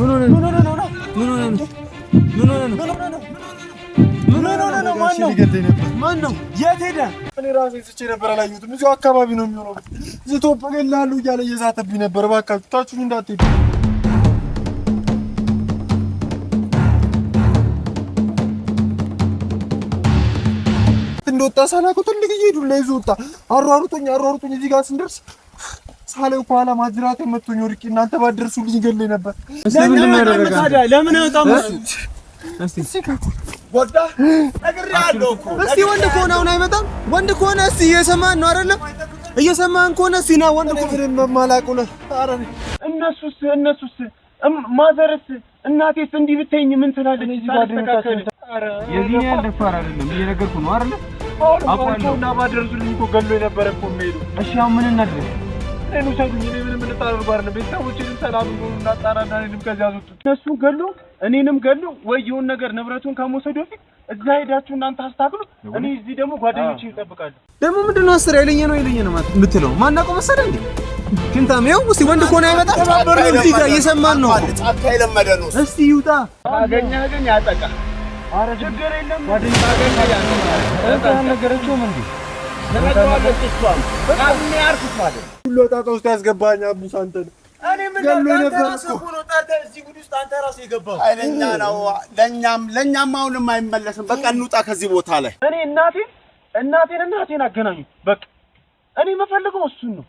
ማን ነው? የት ሄደ? እኔ እራሱ ይስቼ ነበር አላየሁትም። እንደወጣ ሳላውቀው ትልቅዬ ዱላ ይዞ ወጣ። አሯሩጦኝ አሯሩጦኝ እዚህ ጋር ስንደርስ ሳለ ከኋላ ማጅራት የመቶኝ ወድቄ እናንተ ባደርሱልኝ ገለኝ ነበር። ለምን አይወጣም? እስቲ ወንድ ከሆነ አሁን አይመጣም። ወንድ ከሆነ እስቲ እየሰማን ነው አይደለም? እየሰማን ከሆነ እስቲ ና። ወንድ እነሱስ እነሱስ ማዘርስ እናቴስ እንዲህ ብትይኝ ምን ትላለች? የዚህ ደፋር አይደለም። ነው እሺ፣ አሁን ምን እኔን ውሰዱኝ። እኔ ምንም እንጣረርጉ ቤተሰቦችንም ሰላም ሆኑ እናጣራና እኔንም ከዚያ ዙት እነሱን ገሉ እኔንም ገሉ ወይ የሆነ ነገር ንብረቱን ከመውሰዱ በፊት እዛ ሄዳችሁ እናንተ አስታክሉት። እኔ እዚህ ደግሞ ጓደኞች ይጠብቃሉ። ደግሞ ምንድን ነው አስር አይለኝ ነው አይለኝ ነው የምትለው ማናውቀው መሰለህ እንዴ? ሽንታም ይኸው እስኪ ወንድ እኮ ነው አይመጣም። እዚህ ጋር እየሰማን ነው። ጫካ የለመደ ነው። እስኪ ይውጣ አገኘ አገኘ ያጠቃ ኧረ ችግር የለም ጓደኛ አገኘ ያለ እዛ ነገረችውም እንዴ ተነግረዋለች እሷም ቃል የሚያርፍት ማለት ነው ሁሉ ጣጣ ውስጥ ያስገባኝ አቡስ አንተ ነው። ለእኛም አሁንም አይመለስም። በቃ እንውጣ ከዚህ ቦታ ላይ። እኔ እናቴን እናቴን እናቴን አገናኙ። በቃ እኔ የምፈልገው እሱን ነው።